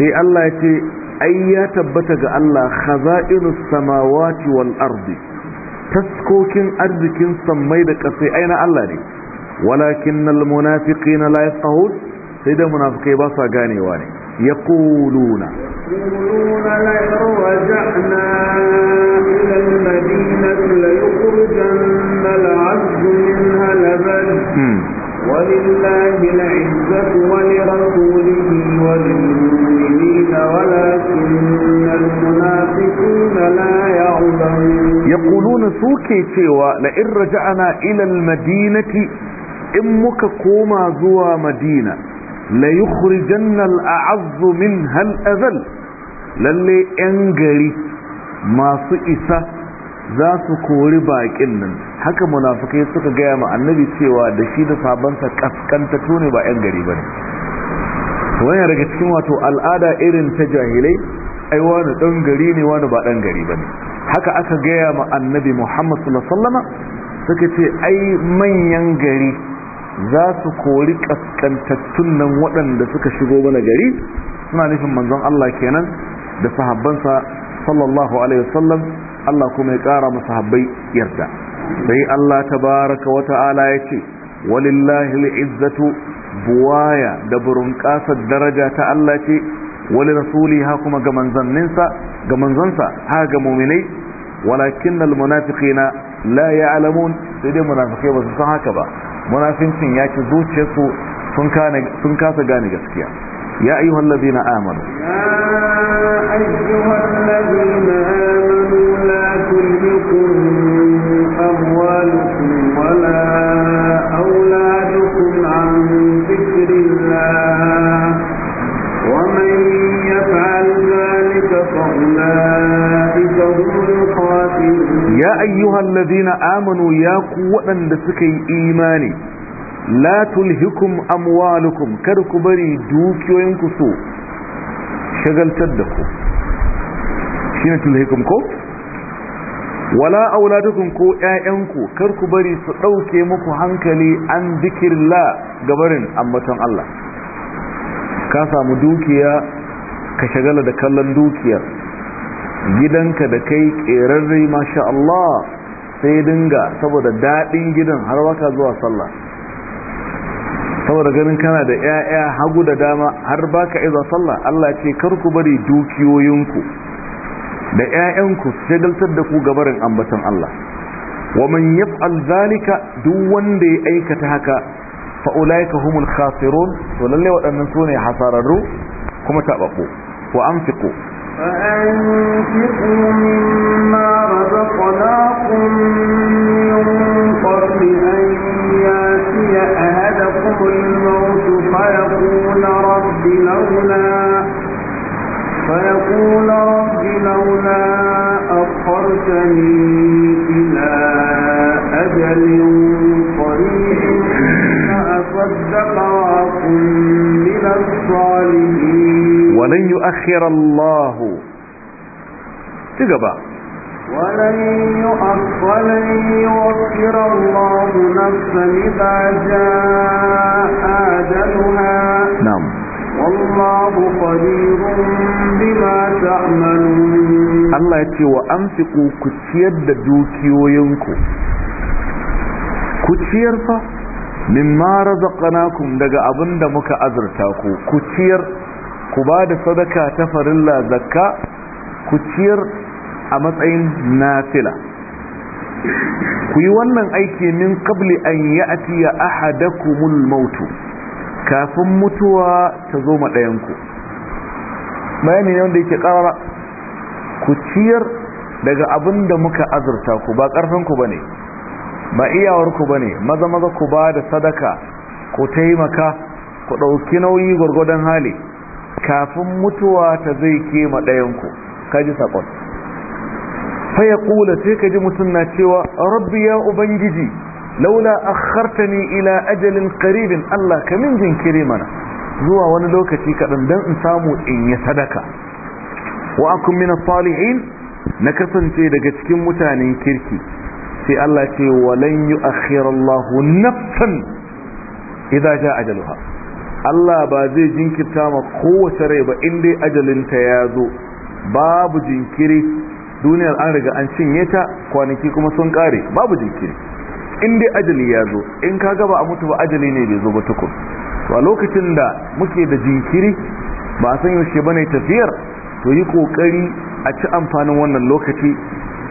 Speaker 1: sai Allah ya ce ai ya tabbata ga Allah khaza'inus samawati wal ardi taskokin arzikin sammai da ƙasai aina Allah ne walakin al munafiqina la yafqahun sai da munafikai ba sa ganewa ne yaquluna yaquluna la yarja'na ila
Speaker 2: al madinati la yukhrijanna al 'abdu minha labad hmm. ولله العزة ولرسوله وللمؤمنين ولكن المنافقون لا
Speaker 1: يعلمون يقولون سوكي تيوى لئن رجعنا إلى المدينة إمك كوما زوى مدينة ليخرجن الأعز منها الأذل للي أنجري ما سئسه za su kori baƙin nan haka munafukai suka gaya ma annabi cewa da shi da sabansa kaskantattu ne ba 'yan gari ba ne wani daga cikin wato al'ada irin ta jahilai ai wani ɗan gari ne wani ba ɗan gari ba ne haka aka gaya ma annabi muhammad sallama suka ce ai manyan gari za su kori kaskantattun nan waɗanda suka shigo mana gari suna nufin manzon allah kenan da sahabbansa sallallahu alaihi wasallam Allah kuma ya ƙara masa habbai yarda sai Allah ta baraka wa ta'ala ya ce walillahi izzatu buwaya da burunƙasar daraja ta Allah ce wali rasuli ha kuma ga manzanninsa ga manzansa ha ga muminai walakin na la alamun sai dai munafikai ba su san haka ba munafincin ya ci zuciyarsu sun kasa gane gaskiya ya ayyuhallazina amanu ya ayyuhallazina amanu وقولوا
Speaker 2: لا تلهكم أموالكم ولا أولادكم عن ذكر الله ومن يفعل ذلك فأولئك هم الخاسرون
Speaker 1: يا أيها الذين آمنوا يا قوة لسكي إيماني لا تلهكم أموالكم كركبري دوكي وينكسو shagaltar da ku shi ne tulhikum ko wala auladukum ko ƴaƴanku kar ku bari su ɗauke muku hankali an zikirla gabarin ambaton Allah ka samu dukiya ka shagala da kallon dukiyar gidanka da kai ƙerarre masha Allah sai dinga saboda daɗin gidan har waka zuwa sallah saboda ganin kana da ƴaƴa hagu da dama har baka iza sallah Allah ce kar ku bari dukiyoyinku da ƴaƴanku shagaltar da ku gabarin ambaton Allah wa man yaf'al zalika duk wanda ya aikata haka fa ulaika humul khasirun to lalle waɗannan sune hasararru kuma tababbu wa anfiqu فأنفقوا مما رزقناكم
Speaker 2: فيقول رب لولا أخرتني إلى أجل قريب فأصدق وأكون من الصالحين ولن يؤخر الله تقبع
Speaker 1: ولن يؤخر الله
Speaker 2: نفسا إذا جاء أجلها نعم Allah ya ce wa
Speaker 1: an fiƙo ku ciyar da dukiyoyinku, ku ciyar fa, mimmara zaƙanakun daga abin da muka azurta ku, ku ciyar, ku ba da sadaka ta farilla zakka, ku ciyar a matsayin nafila. Ku yi wannan aiki min ƙabli an yi a hada kumul mautu. kafin mutuwa ta zo maɗayanku bayani ne wanda yake ƙara ku ciyar daga abin da muka azurta ku ba ƙarfinku ba ne ba iyawarku ba ne maza maza ku ba da sadaka ku taimaka ku ɗauki nauyi gwargwadon hali kafin mutuwa ta zai ke maɗayanku ka ji saƙon faya ƙula sai ka ji mutum na cewa rabbi ya ubangiji laula akhartani ila ajalin qaribin Allah ka min jinkiri mana zuwa wani lokaci kaɗan dan in samu in yi sadaka wa akun min salihin na kasance daga cikin mutanen kirki sai Allah ce walan yu'akhirallahu nafsan idza jaa ajaluha Allah ba zai jinkirta ma kowace rai ba in dai ajalinta ya zo babu jinkiri duniyar an riga an cinye ta kwanaki kuma sun kare babu jinkiri in dai ajali ya zo in ka gaba a mutu ba ajali ne bai zo ba tukun to a lokacin da muke da jinkiri ba san yaushe bane tafiyar to yi kokari a ci amfanin wannan lokaci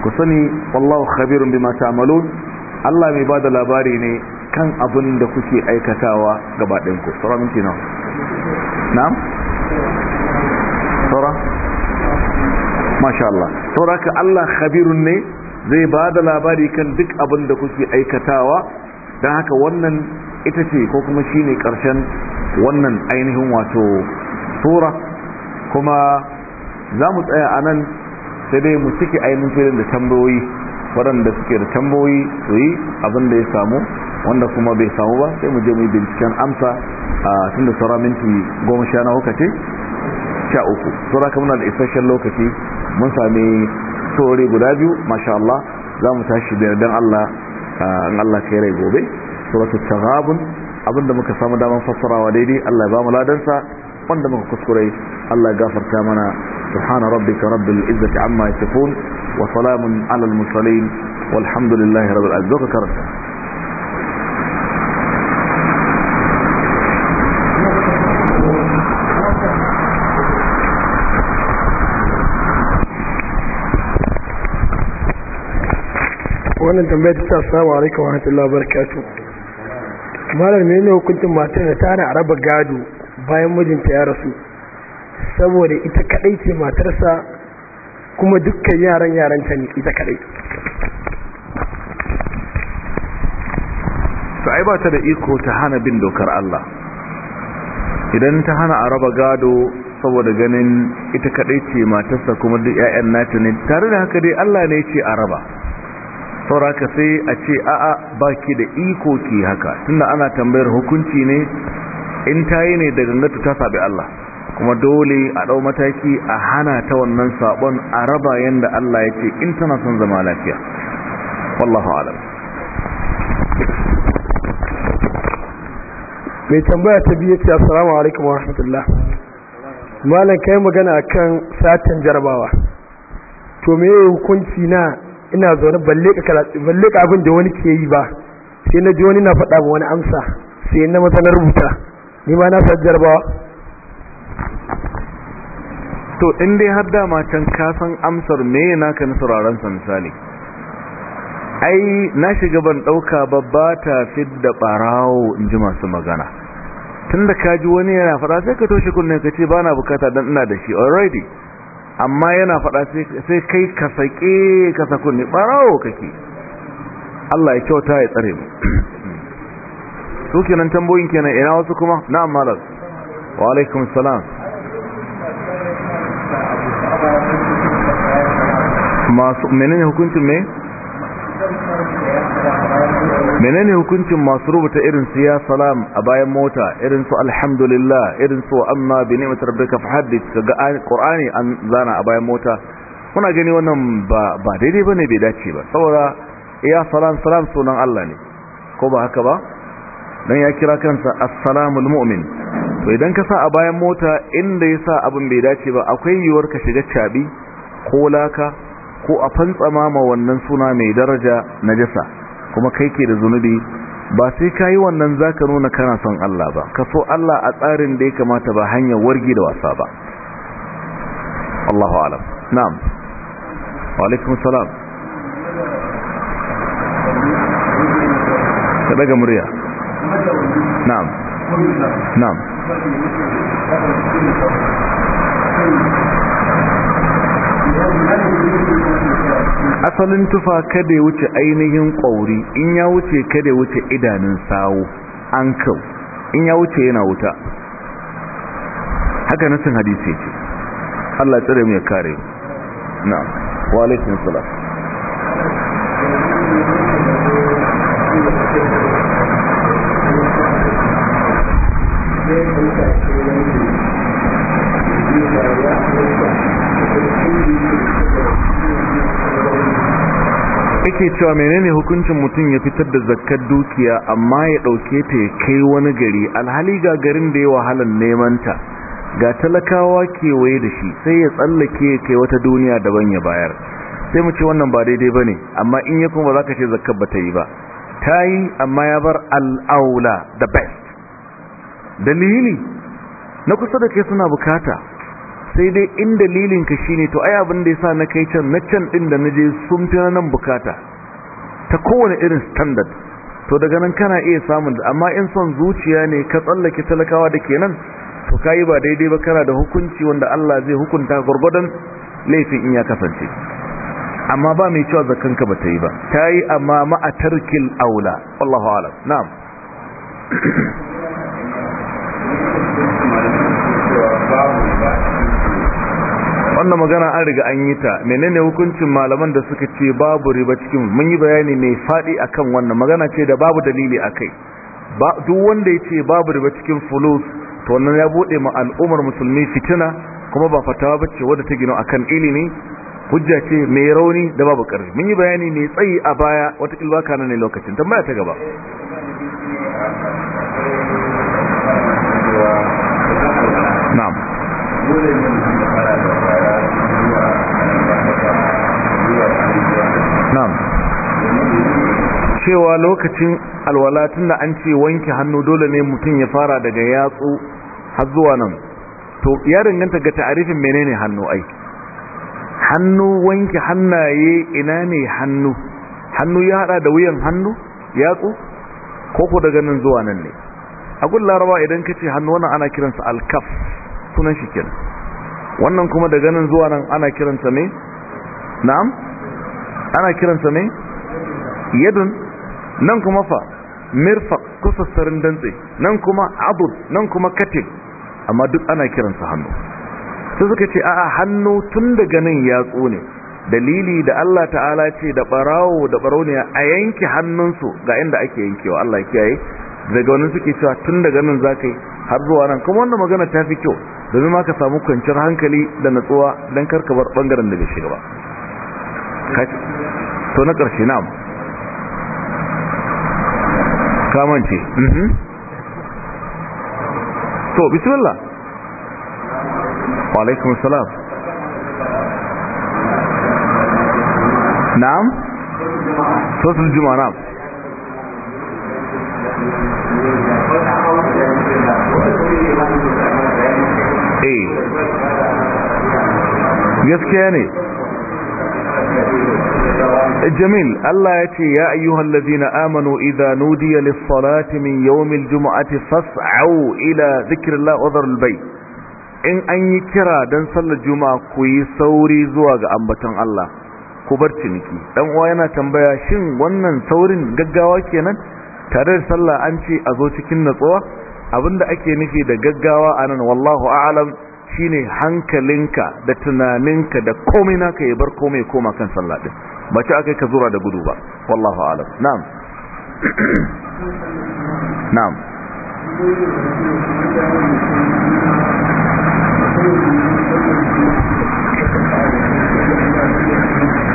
Speaker 1: ku sani wallahu khabirun bima ta'malun Allah mai bada labari ne kan abin da kuke aikatawa gaba ɗayan ku sura minti nawa na'am sura masha Allah saboda ka Allah khabirun ne zai ba da labari kan duk abin da kuke aikatawa don haka wannan ita ce ko kuma shi ne ƙarshen wannan ainihin wato tura kuma za mu tsaya a nan sai dai mu cike ainihin filin da tambayoyi waɗanda suke da tambayoyi su yi abin da ya samu wanda kuma bai samu ba sai mu je mu yi binciken amsa a tun da saura minti goma sha na hukace sha uku saura kamar da isasshen lokaci mun sami surori guda biyu masha Allah za mu tashi da yardan Allah ah, in Allah kai rai gobe suratul taghabun abinda muka samu daman fassarawa daidai Allah ya ba mu ladarsa wanda muka kuskure Allah ya gafarta mana subhana rabbika rabbil izzati amma yasifun wa salamun alal mursalin walhamdulillahi rabbil alamin karanta
Speaker 2: wannan tambaya ta sa assalamu alaikum wa rahmatullahi wa barakatuh malam ne hukuncin matar da ta hana raba gado bayan mijinta ya rasu saboda ita kadai ce matarsa kuma dukkan yaran yaran ta ne ita kadai
Speaker 1: to ai ta da iko ta hana bin dokar Allah idan ta hana a raba gado saboda ganin ita kadai ce matarsa kuma duk ƴaƴan nata ne tare da haka dai Allah ne ce a raba saura ka sai a ce a'a ki da iko ki haka tunda ana tambayar hukunci ne in ta yi ne da gangatu ta sabi Allah kuma dole a ɗau mataki a hana ta wannan sabon a raba yadda Allah ya ce in tana son zama lafiya wallahu alam
Speaker 2: mai tambaya ta biyu ce assalamu alaikum wa rahmatullah malam kai magana akan satin jarabawa to me hukunci na ina zaune balle ka karatu balle ka abin da wani ke yi ba sai na ji wani na faɗa wani amsa sai na masa na rubuta ni ma na san ba
Speaker 1: to in dai har dama can ka san amsar me naka na sauraron sa misali ai na shiga ban ɗauka ba ba ta fidda ɓarawo in ji masu magana tun da ka ji wani yana faɗa sai ka toshe kunne ka ce ba na bukata don ina da shi already amma yana faɗa sai kai ka saƙe ka sakun ne ɓarawo kake Allah ya kyauta ya tsare mu su kenan tamboyin kenan ina wasu kuma na'am malam wa alaikum salam masu menene hukuncin me menene hukuncin masu rubuta irin su ya salam a bayan mota irin su alhamdulillah irin su amma bi ni'mat rabbika fahaddith ga qur'ani an zana a bayan mota kuna gani wannan ba ba daidai bane bai dace ba saboda ya salam salam sunan Allah ne ko ba haka ba dan ya kira kansa assalamu mu'min to idan ka sa a bayan mota inda yasa abin bai dace ba akwai yiwuwar ka shiga cabi ko laka ko a fantsama ma wannan suna mai daraja najasa kuma kai ke da zunubi ba sai ka yi wannan za ka nuna kana son Allah ba ka so Allah a tsarin da ya kamata ba hanyar wargi da wasa ba Allahu alam na'am wa alaikum salam ka daga murya na'am na'am Thank you. asalin tufa kada ya wuce ainihin ƙwauri in ya wuce kada ya wuce idanun sawo an kau in ya wuce yana wuta haka nasin hadisi ce Allah tsere mai kare na wa
Speaker 2: sula Thank you.
Speaker 1: yake cewa menene hukuncin mutum ya fitar da zakkar dukiya amma ya dauke ta ya kai wani gari alhali ga garin da ya wahalan neman ta ga talakawa kewaye da shi sai ya tsallake ya kai wata duniya daban ya bayar sai mu ce wannan ba daidai bane amma in ya kuma ba za ka ce zakkar ba ta yi ba ta yi amma ya bar al'aula the best dalili na kusa da kai suna bukata sai dai in dalilinka shine to ai abin da sa na kai can na can ɗin da naje sun fi nan bukata ta kowane irin standard to daga nan kana iya samun amma in son zuciya ne ka tsallake talakawa da kenan to kai ba daidai ba kana da hukunci wanda Allah zai hukunta gwargwadon laifin in ya kasance amma ba mai cewa zakanka ba ta yi ba ta yi amma ma'atarkil aula wallahu alam na'am
Speaker 2: babu you.
Speaker 1: wannan magana an riga an yi ta menene hukuncin malaman da suka ce babu riba cikin mun yi bayani mai fadi akan wannan magana ce da babu dalili akai duk wanda ya ce babu riba cikin fulus to wannan ya bude ma al'ummar musulmi fitina kuma ba fatawa bace wanda ta gina akan ilimi hujja ce mai rauni da babu karfi mun yi bayani mai tsayi a baya wata kilwa kana ne lokacin tambaya ta gaba na'am cewa lokacin alwala da an ce wanke hannu dole ne mutum ya fara daga yatsu har zuwa nan to ya danganta ga ta'arifin menene hannu ai hannu wanke hannaye ina ne hannu hannu ya hada da wuyan hannu yatsu koko daga nan zuwa nan ne a gun laraba idan ka ce hannu wannan ana kiransa alkaf sunan shi kenan wannan kuma daga nan zuwa nan ana kiransa ne na'am ana kiransa ne yadun nan kuma fa mirfaq kusassarin dantse nan kuma abud nan kuma katif amma duk ana kiransa hannu sai suka ce a'a hannu tun daga nan ya ne dalili da Allah ta'ala ce da barawo da barauniya a yanke hannunsu ga inda ake yankewa Allah kiyaye daga wannan suke cewa tun daga nan zakai har zuwa nan kuma wannan magana ta fi kyau domin ma ka samu kwanciyar hankali da natsuwa don karkabar bangaren daga shi gaba to na karshe na'am kamance mhm. to bismillah wa alaikum salam na'am sosul juma na'am eh gaskiya ne Eh, jamil Allah ya ce ya ayyuhal na amanu idza nudiya lis-salati min yawmil jumu'ati fas'au ila dhikrillahi wa dharul in an yi kira dan sallar juma'a ku yi sauri zuwa ga ambaton Allah ku bar ciniki dan uwa yana tambaya shin wannan saurin gaggawa kenan tare da sallah an ce a zo cikin abin da ake nufi da gaggawa anan wallahu a'lam shine hankalinka da tunaninka da komai naka ya bar komai koma kan sallah din ba ta aka ka zura da gudu ba wallahu alam na'am na'am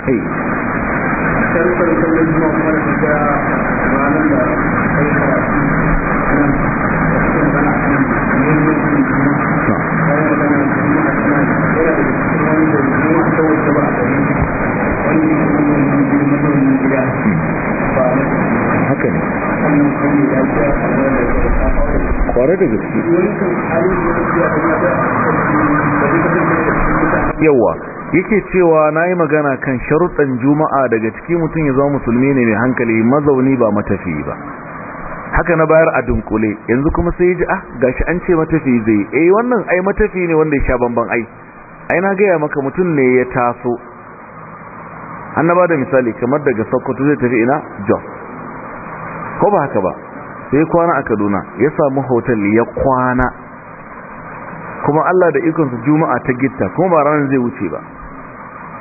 Speaker 1: Hey. haka
Speaker 2: ne da gaske
Speaker 1: yawa yake cewa na yi magana kan sharuɗan juma'a daga ciki mutum ya zama musulmi ne mai hankali mazauni ba matafi ba haka na bayar a dunkule yanzu kuma sai ya ji ah gashi an ce matafi zai eh wannan ai matafi ne wanda ya sha bamban ai ai na gaya maka mutum ne ya taso an na bada misali kamar daga sokoto zai tafi ina jos ko ba haka ba sai kwana a kaduna ya samu hotel ya kwana kuma allah da ikon su juma'a ta gitta kuma ba ranar zai wuce ba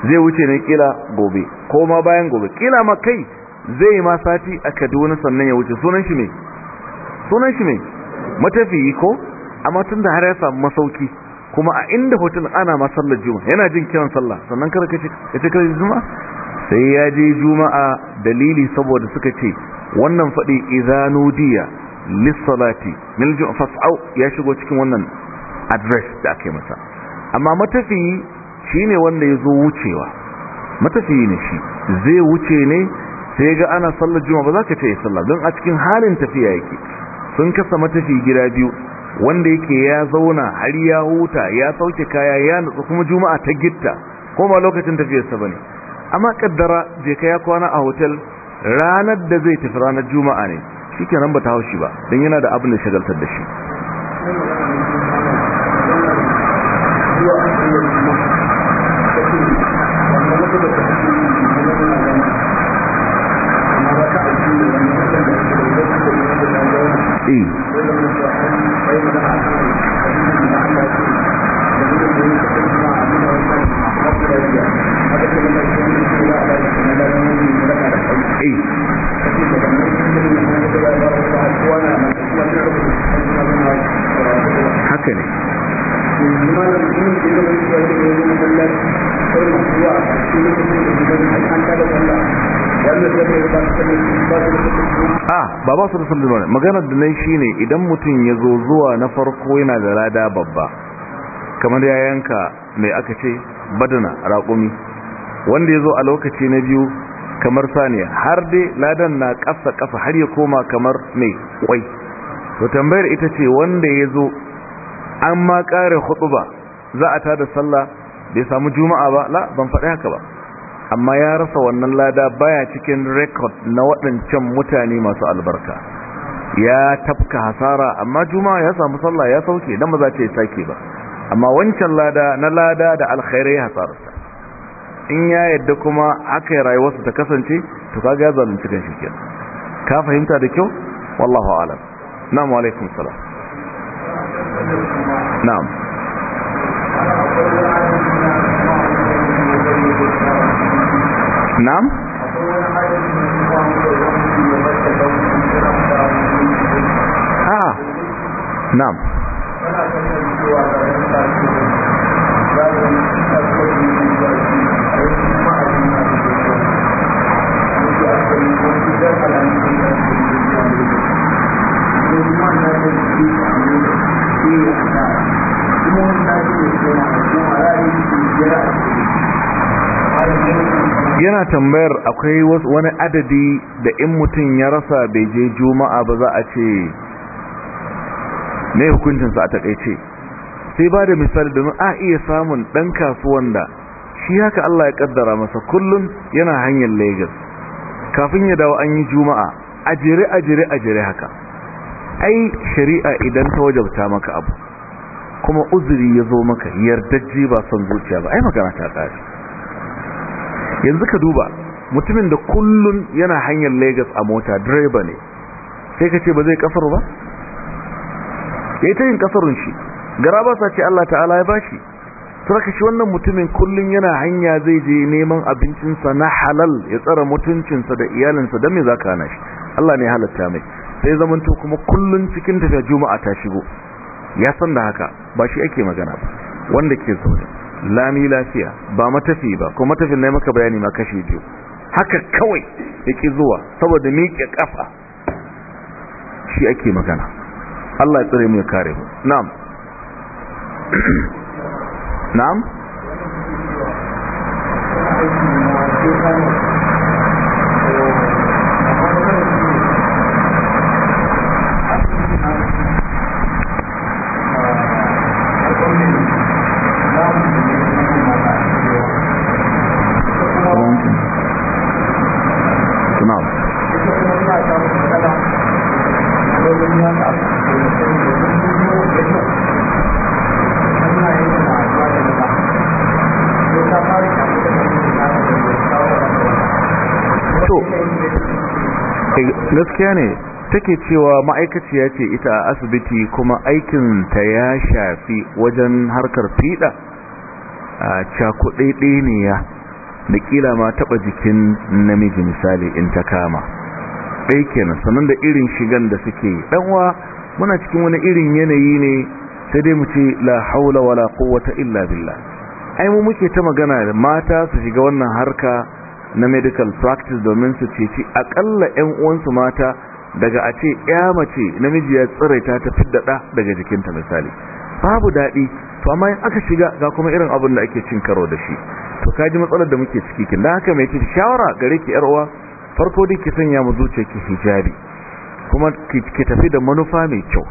Speaker 1: zai wuce ne kila gobe ko ma bayan gobe kila ma kai zai ma sati a kaduna sannan ya wuce sunan shi ne sunan shi ne matafiyi ko amma tun da har ya samu masauki kuma a inda hotun ana ma sallar juma'a yana jin kiran sallah sannan kar ka ce ya ce kar juma'a sai ya je juma'a dalili saboda suka ce wannan faɗi izanudiya lissalati min juma'a fas'au ya shigo cikin wannan address da ake masa amma matafiyi shine wanda ya zo wucewa matafiyi ne shi zai wuce ne sai ga ana sallar juma'a ba za ka ce sallah don a cikin halin tafiya yake sun kasa matafi gida biyu wanda yake ya zauna har ya huta ya sauke kaya ya nutsu kuma juma'a ta gitta ko ba lokacin tafiyarsa bane amma kaddara je ka ya kwana a hotel ranar da zai tafi ranar juma'a ne shikenan ba ta haushi ba don yana da abin da shagaltar da shi haka
Speaker 2: ne
Speaker 1: a ah, ba ba su da sallama ne maganar da shi shine idan mutum ya zo zuwa na farko yana da rada babba kamar ya yanka mai aka ce badana raƙumi wanda ya zo a lokaci na biyu kamar saniya har dai ladan na ƙasa ƙasa har ya koma kamar mai kwai to tambayar ita ce wanda ya zo an ma ƙare ba za a tada sallah bai samu juma'a ba la ban faɗi haka ba amma ya rasa wannan lada baya cikin rekod na waɗancan mutane masu albarka ya tafka hasara amma juma'a ya samu sallah ya sauke dan ba za ta sake ba amma wancan lada na lada da alkhairai hasararsa in ya yadda kuma aka yi rayuwarsa ta kasance to kaga ya zalunci kan shi kenan ka fahimta da kyau wallahu a'lam na'am wa alaikum salam na'am na'am a ah. na'am
Speaker 2: Thank yana
Speaker 1: tambayar akwai wani adadi da in mutum ya rasa bai je juma'a ba za a ce ne hukuncinsa a takaice sai ba da misali domin a iya samun ɗan kasuwan da shi haka Allah ya kaddara masa kullum yana hanyar Legas kafin ya dawo an yi juma'a a jere a haka ai shari'a idan ta wajabta maka abu kuma uzuri ya zo maka yardajji ba son zuciya ba ai magana ta tsari yanzu ka duba mutumin da kullun yana hanyar lagos a mota direba ne sai ka ce ba zai kasar ba ya yi ta yin kasarun shi gara ba sa ce allah ta'ala ya bashi ka shi wannan mutumin kullun yana hanya zai je neman abincinsa na halal ya tsara mutuncinsa da iyalinsa don me za ka hana shi allah ne halatta mai sai zamanto kuma kullun cikin tafiya juma'a ta shigo ya san da haka ba shi ake magana ba wanda ke zaune lami lafiya ba matafi ba kuma matafin ne maka bayani ma kashe biyu haka kawai yake zuwa saboda miƙe kafa shi ake magana Allah ya tsare mu ya kare mu na'am na'am gaskiya ne take cewa ma'aikaciya ce ita a asibiti kuma aikinta ya shafi wajen harkar fiɗa a ya da ƙila ma taɓa jikin namiji misali in ta kama ɗaikin sannan da irin shigan da suke ɗanwa muna cikin wani irin yanayi ne sai dai mu ce la haula wala quwwata illa billa. ai mu muke ta magana da mata su shiga wannan harka na medical practice domin su ceci akalla 'yan uwansu mata daga a ce ya mace namiji ya tsiraita ta fidda ɗa daga jikinta misali babu daɗi to amma in aka shiga ga kuma irin abin da ake cin karo da shi to ka ji matsalar da muke ciki kin dan haka mai ce shawara gare ki yar uwa farko dai ki sanya mu zuciya ki hijabi kuma ki tafi da manufa mai kyau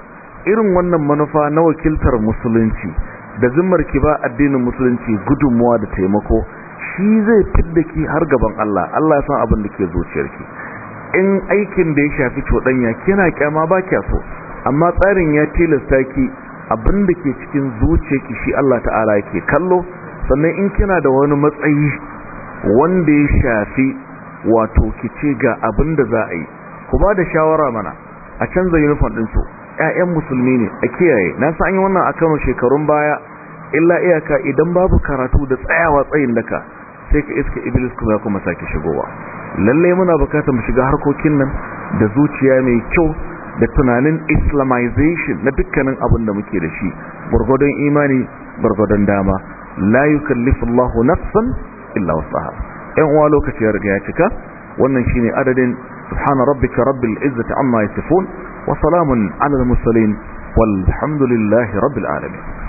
Speaker 1: irin wannan manufa na wakiltar musulunci da zimmar ki ba addinin musulunci gudunmuwa da taimako shi zai fidda ki har gaban Allah Allah ya san abin da ke zuciyarki in aikin da ya shafi codanya kina kyama ba kya so amma tsarin ya tilasta ki abin da ke cikin zuciyarki shi Allah ta'ala yake kallo sannan in kina da wani matsayi wanda ya shafi wato ki ce ga abin da za a yi ku ba da shawara mana a canza uniform din su ƴaƴan musulmi ne a kiyaye na san an yi wannan a Kano shekarun baya illa iyaka idan babu karatu da tsayawa tsayin daka sai ka iska iblis kuma kuma sake shigowa lalle muna bukatar mu shiga harkokin nan da zuciya mai kyau da tunanin islamization na dukkanin abin da muke da shi gurgudun imani gurgudun dama la yukallifu Allahu nafsan illa wusaha ɗan uwa lokaci ya riga ya cika wannan shine adadin subhana rabbika rabbil izzati amma yasifun wa salamun alal mursalin والحمد لله رب العالمين